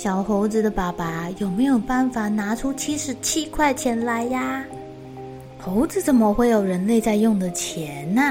小猴子的爸爸有沒有辦法拿出七十七塊錢來呀？猴子怎麼會有人類在用的錢呢、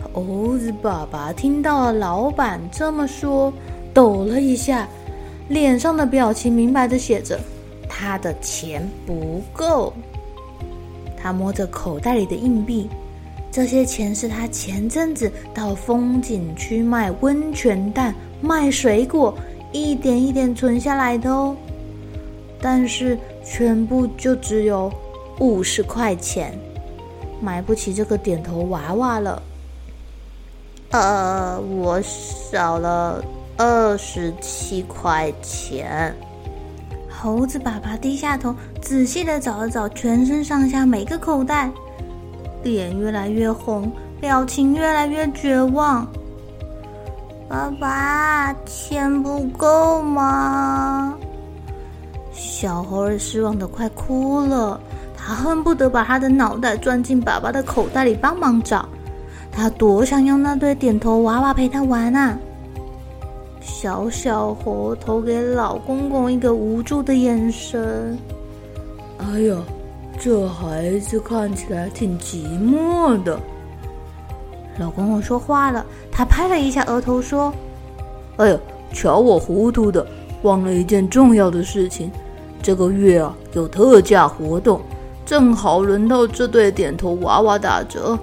啊？猴子爸爸聽到了老闆這麼說，抖了一下，臉上的表情明白地寫着他的錢不夠。他摸着口袋裡的硬幣，這些錢是他前陣子到風景區賣溫泉蛋，賣水果一點一點存下來的哦，但是全部就只有五十塊錢，買不起這個點頭娃娃了。呃，我少了二十七塊錢。猴子爸爸低下頭，仔細的找了找全身上下每個口袋，臉越來越紅，表情越來越絕望。爸爸，錢不夠嗎？小猴兒失望得快哭了，他恨不得把他的腦袋鑽進爸爸的口袋裡幫忙找。他多想用那對點頭娃娃陪他玩啊！小小猴投給老公公一個無助的眼神。哎呀，這孩子看起來挺寂寞的。老公公說話了。他拍了一下額頭，說：“哎呀，瞧我糊塗的，忘了一件重要的事情。這個月啊有特價活動，正好輪到這對點頭娃娃打折。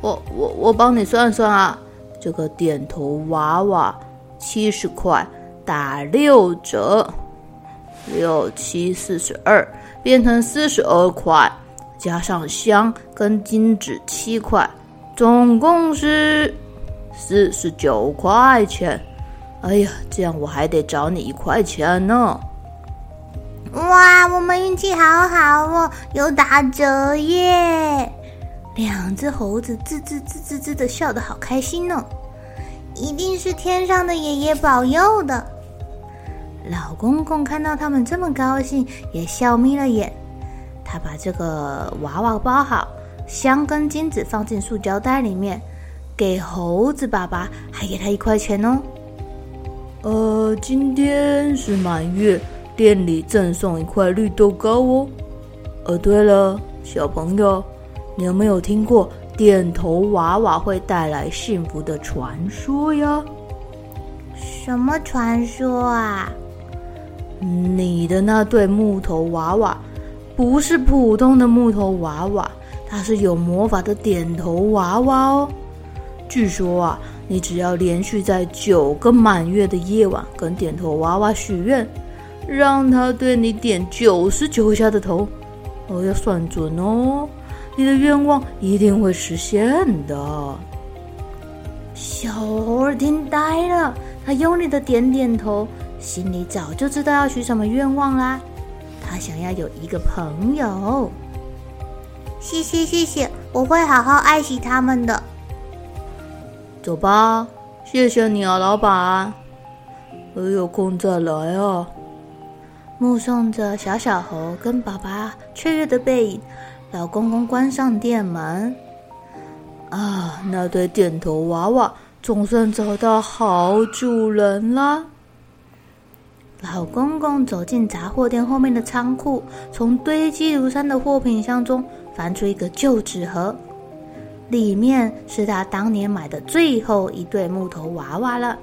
我、我、我幫你算算啊，這個點頭娃娃七十塊打六折，六七四十二，變成四十二塊，加上香跟金紙七塊。”總共是四十九塊錢，哎呀，這樣我還得找你一塊錢呢。哇，我們運氣好好哦，有打折耶！兩隻猴子吱吱吱吱吱的笑得好開心哦，一定是天上的爺爺保佑的。老公公看到他們這麼高興，也笑眯了眼。他把這個娃娃包好。香跟金子放進塑膠袋裡面，給猴子爸爸，還給他一塊錢哦。呃，今天是滿月，店裡贈送一塊綠豆糕哦。哦、呃，對了，小朋友，你有沒有聽過點頭娃娃會帶來幸福的傳說呀？什麼傳說啊？你的那對木頭娃娃不是普通的木頭娃娃。它是有魔法的點頭娃娃哦。據說啊，你只要連續在九個滿月的夜晚跟點頭娃娃許願，讓它對你點九十九下的頭，哦，要算準哦，你的願望一定會實現的。小猴兒聽呆了，他用力的點點頭，心裡早就知道要許什麼願望啦。他想要有一個朋友。謝謝謝謝，我會好好愛惜他們的。走吧，謝謝你啊，老闆，我有空再來啊。目送着小小猴跟爸爸雀躍的背影，老公公關上店門。啊，那對點頭娃娃總算找到好主人啦！老公公走進雜貨店後面的倉庫，從堆積如山的貨品箱中。翻出一個舊紙盒，裡面是他當年買的最後一對木頭娃娃了。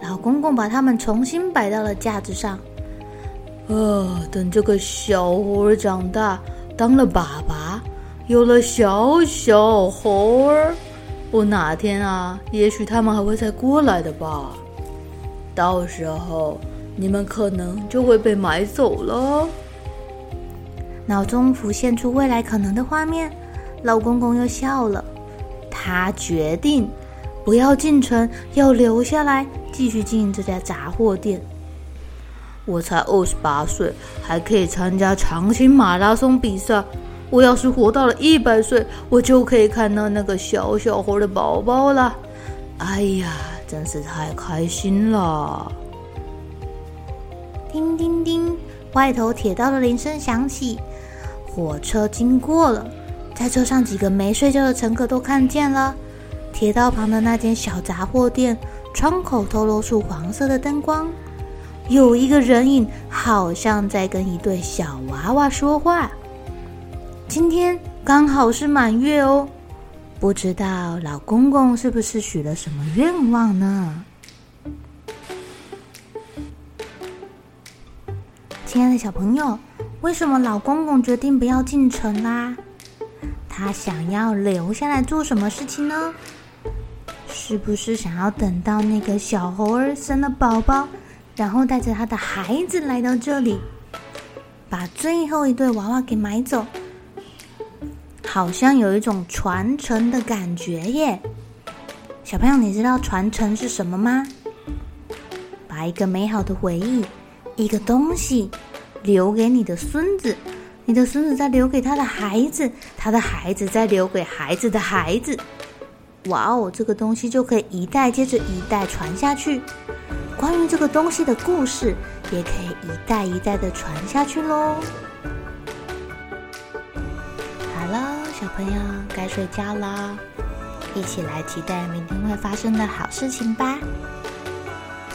老公公把他們重新擺到了架子上。啊、哦，等這個小猴兒長大，當了爸爸，有了小小猴兒，我哪天啊，也許他們還會再過來的吧。到時候你們可能就會被買走了。腦中浮現出未來可能的畫面，老公公又笑了。他決定不要進城，要留下來繼續經營這家雜貨店。我才二十八歲，還可以參加長青馬拉松比賽。我要是活到了一百歲，我就可以看到那個小小猴的寶寶了。哎呀，真是太開心了！叮叮叮，外頭鐵道的鈴聲響起。火車經過了，在車上幾個沒睡覺的乘客都看見了，鐵道旁的那間小雜貨店窗口透露出黃色的燈光，有一個人影，好像在跟一對小娃娃說話。今天剛好是滿月哦，不知道老公公是不是許了什麼願望呢？親愛的小朋友，為什麼老公公決定不要進城啦？他想要留下來做什麼事情呢？是不是想要等到那個小猴兒生了寶寶，然後帶着他的孩子來到這裡，把最後一對娃娃給買走？好像有一種傳承的感覺耶！小朋友，你知道傳承是什麼嗎？把一個美好的回憶。一個東西，留給你的孫子，你的孫子再留給他的孩子，他的孩子再留給孩子的孩子。哇哦，這個東西就可以一代接着一代傳下去。關於這個東西的故事，也可以一代一代的傳下去嘍。好了，小朋友該睡覺啦，一起來期待明天會發生的好事情吧。